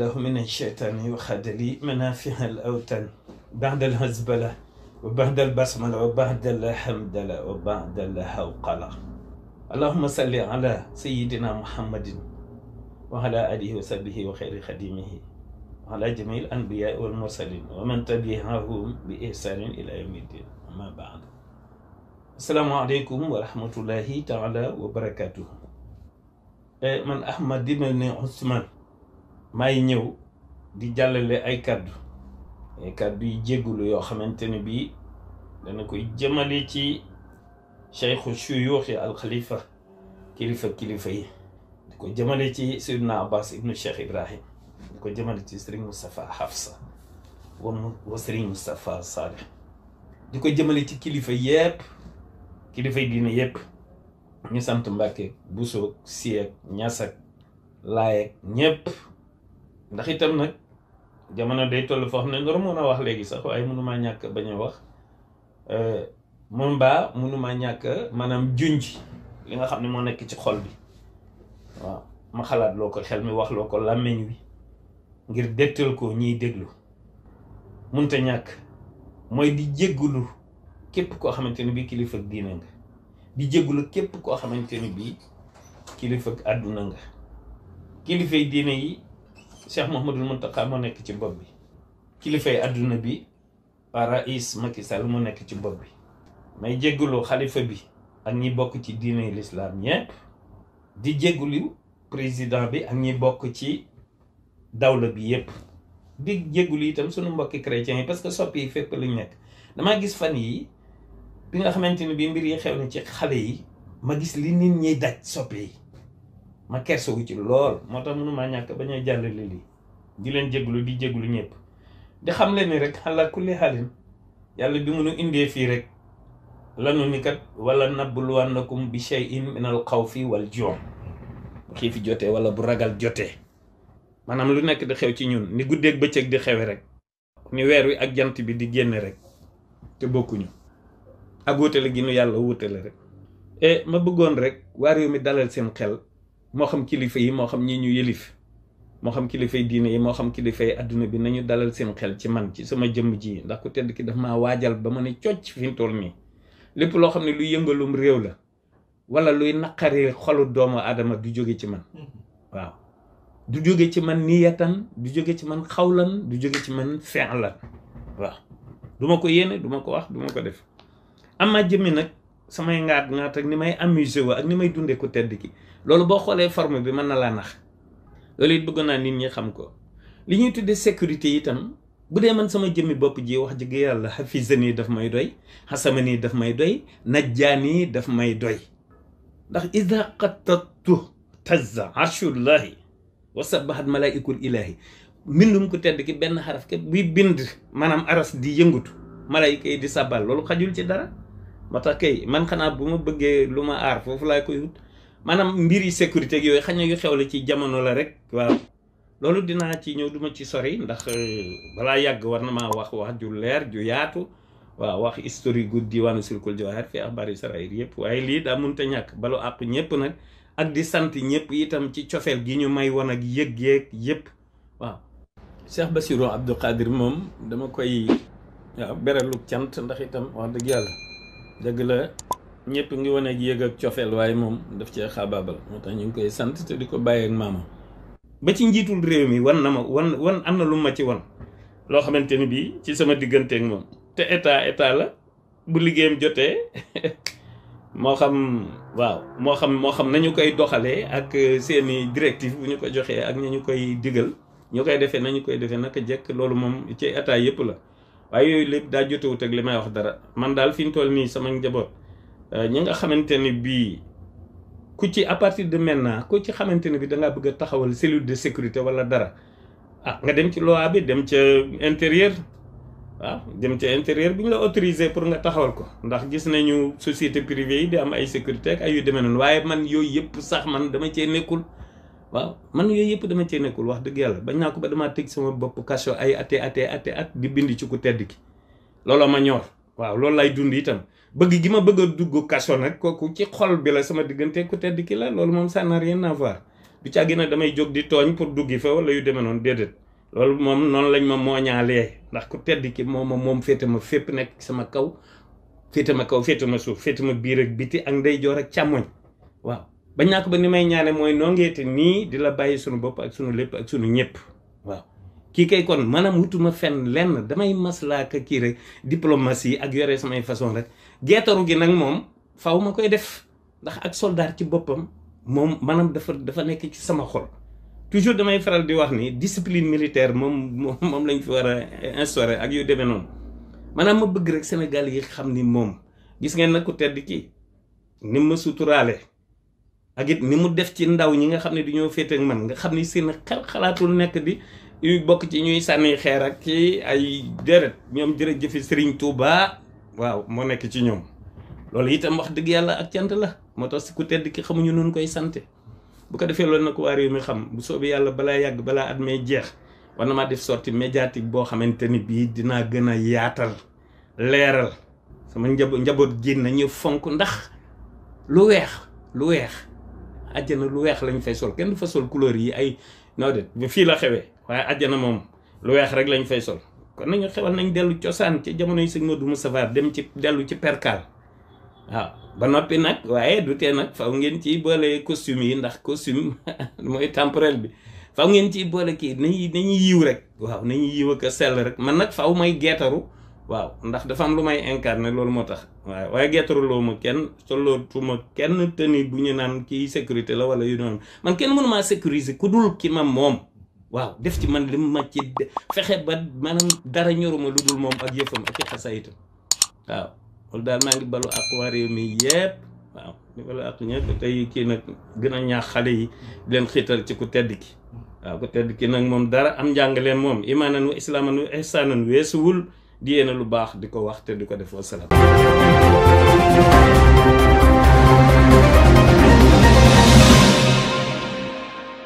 الله من الشيطان وخد لي منافع الأوتان بعد الهزبلة وبعد البسملة وبعد الحمدلة وبعد الهوقلة اللهم صل على سيدنا محمد وعلى آله وصحبه وخير خديمه وعلى جميع الأنبياء والمرسلين ومن تبعهم بإحسان إلى يوم الدين أما بعد السلام عليكم ورحمة الله تعالى وبركاته من أحمد بن عثمان may ñëw di jàllale ay kàddu ay kàddu yi jéggulu yoo xamante ni bii dana koy jëmale ci cheikhu shuyuuxi alxalifa kilifa kilifa yi di ko jëmale ci Seydina Abbas ibnu ko jëmale ci Serigne Moustapha Hafsa wa Serigne Moustapha Saleh di ko jëmale ci kilifa yépp kilifa yi yépp ñu sant Mbàkke Busoog Siyeeg Ñasak Laayeg ñépp ndax itam nag jamono day toll foo xam ne nga mën a wax léegi sax waaye mënumaa ñàkk bañ wax euh, moom baa mënumaa ñàkk maanaam ji li nga xam ne moo nekk ci xol bi waaw ma xalaat loo ko xel mi wax loo ko làmmiñ wi ngir dettal ko ñiy déglu munta ñàkk mooy di jéggulu képp koo xamante ni bii kilifa ak nga di jéggulu képp koo xamante ni bii kilifa ak àdduna nga kilifay diina yi Cheikh Mouhamadul Mountakha moo nekk ci bopp bi kilifay àdduna bi rais Macky Sall moo nekk ci bopp bi may jéggulu xalifa bi ak ñi bokk ci diine lislaam ñépp di jéggulu président bi ak ñi bokk ci dawla bi yépp di jéggulu itam sunu mbokki chrétiens yi parce que sopp yi fépp lañ nekk damaa gis fan yi bi nga xamante ni bi mbir yi xew na ci xale yi ma gis li nit ñiy daj soppi yi ma kersawu ci lool moo tax mënu ñàkk ba ñuy jàllale lii di leen jéglu di jéglu ñëpp di xam leen ni rek xalaa kulli xaalin yàlla bi mu nu indee fii rek lanu ni kat wala nabluwannakum bi shay'in min al xawfi wal joom bu xiifi jotee wala bu ragal jotee maanaam lu nekk di xew ci ñun ni guddeeg bëccëg di xewe rek ni weer wi ak jant bi di génne rek te bokkuñu ak wutale gi nu yàlla wutale rek eh, ma bëggoon rek waa réew mi dalal seen xel moo xam kilifa yi moo xam ñi ñu yëlif moo xam kilifay diine yi moo xam kilifay adduna bi nañu dalal seen xel ci man ci sama jëmm ji ndax ku tedd ki daf maa waajal ba ma ne cocc fi mu nii lépp loo xam ne luy yëngalum réew la wala luy naqari xolu doomu aadama du jóge ci man mm-hmm. waaw du jóge ci man niyatan du jóge ci man xaw lan du jóge ci man fi'lan waaw duma ko yéene duma ko wax du ma ko def ama jëmmi nag samay ngaat ngaat ak ni may amusé wa ak ni may dundee ku tedd ki loolu boo xoolee forme bi mën na laa nax loolu it bëgg naa nit ñi xam ko li ñuy tuddee sécurité itam bu dee man sama jëmmi bopp ji wax dëgg yàlla nii dafa may doy nii daf may doy najjaani daf may doy ndax ida qatattu tazza arshullahi wa sabahat malaikul ilahi mbindum ku tedd ki benn xaraf ke buy bind maanaam aras di yëngutu malayka yi di sabal loolu xajul ci dara moo tax kay man xanaa bu ma bëggee lu ma aar foofu laay koy wut maanaam mbir yi sécurité yooyu xañ na yu xew la ci jamono la rek waaw loolu dinaa ci ñëw duma ci sori ndax euh, balaa yàgg war na maa wax wax ju leer ju yaatu waaw wax historique gu diwaanu Silkul Jawahir fi axbaari saraayir yëpp waaye lii daa mënta ñàkk balu àq ñëpp nag ak di sant ñëpp itam ci cofeel gi ñu may woon ak yëg yëpp waaw Cheikh Bassirou Abdou Khadir moom dama koy waaw beralug cant ndax itam wax dëgg yàlla dëgg la ñëpp ngi wane yëg ak cofeel waaye moom daf cee xaabaabal moo tax ñu ngi koy sant te di ko bàyyi ak ba ci njiitul réew mi wan na ma wan wan am na lu ma ci wan loo xamante ni bii ci sama diggante ak moom te état état la bu liggéeyam jotee moo xam waaw moo xam moo xam nañu koy doxalee ak seeni directive bu ñu ko joxee ak ñu ñu koy digal ñu koy defee nañu koy defee naka jekk loolu moom ci état yëpp la waaye yooyu lépp daa jotewut ak li may wax dara man daal fi ñu toll nii sama njaboot euh, ñi nga xamante ne bii ku ci à partir de maintenant ku ci xamante ne bi da bëgg a taxawal cellule de sécurité wala dara ah nga dem ci loi bi dem ca intérieur waaw dem ca intérieur bi ñu la autorisé pour nga taxawal ko ndax gis nañu société privée yi di am ay sécurité ak ay yu demee noonu waaye man yooyu yëpp sax man dama cee nekkul. waaw man yooyu yëpp dama cee nekkul wax dëgg yàlla bañ naa ko ba damaa tëj sama bopp kaso ay ate ate at di bind ci ku tedd ki looloo ma ñor waaw loolu lay dund itam bëgg gi ma bëgg a dugg kaso nag kooku ci xol bi la sama diggante ku tedd ki la loolu moom ça n'a rien à voir du damay jóg di tooñ pour duggi fa wala demee noonu déedéet loolu moom noonu lañ ma mooñaalee ndax ku tedd ki moom moom féete ma fépp nekk sama kaw féete ma kaw féete ma suuf féete ma biir ak biti ak ndeyjoor ak càmmoñ waaw ba ñàkk ba ni may ñaane mooy noo ngeete nii di la bàyyi suñu bopp ak sunu lépp ak sunu ñëpp waaw kii kay kon maanaam wutuma fenn lenn damay maslaaka kii rek diplomatie ak yore samay façon rek geetaru gi nag moom faw ma koy def ndax ak soldat ci boppam moom maanaam dafa dafa nekk ci sama xol toujours damay faral di wax ni discipline militaire moom moom lañ fi war a instauré ak yu demee noonu maanaam ma bëgg rek Sénégal yi xam ni moom gis ngeen nag ku tedd kii ni ma ak it ni mu def ci ndaw ñi nga xam ne dañoo féete ak man nga xam ni seen xel xalaatul nekk di bokk ci ñuy sànni xeer ak ki ay deret ñoom jërëjëf sëriñ tuuba waaw moo nekk ci ñoom loolu itam wax dëgg yàlla ak cant la moo tax si ku tedd ki xamuñu nun koy sante bu ko defee loolu na ko waa mi xam bu soobee yàlla balaa yàgg balaa at may jeex war na maa def sortie médiatique boo xamante ni bii dinaa gën a yaatal leeral sama njaboot njaboot génn ñu fonk ndax lu weex lu weex àjjana lu weex lañ fay sol kenn du fa sol couleur yi ay noo de fii la xewee waaye àjjana moom lu weex rek lañ fay sol kon nañu xewal nañ dellu cosaan ci jamono yi sëñ Modou Moustapha dem ci dellu ci perkaal waaw ba noppi nag waaye du tee nag faw ngeen ciy boole costume yi ndax costume mooy temporel bi faw ngeen ciy boole kii nañu nañu yiw rek waaw nañu yiw ak a sell rek man nag faw may geetaru waaw ndax dafa am lu may incarné loolu moo tax waaw waaye gertaruloo ma kenn solootuma kenn tenue bu ñu naan kii sécurité la wala yu noonu man kenn mënu maa sécuriser ku dul ki ma moom waaw def ci man li ma ci fexe ba maanaam dara ñoruma lu moom ak yëfam ak i xasayitam waaw loolu daal ak waa réew mi yépp ak ñëpp tey kii nag gën a ñaax xale yi leen xiital ci ku tedd ki waaw ku tedd ki nag moom dara am njàng leen moom imaanan wa islaaman wa nu weesuwul di yéene lu baax di ko wax di ko def wasalaam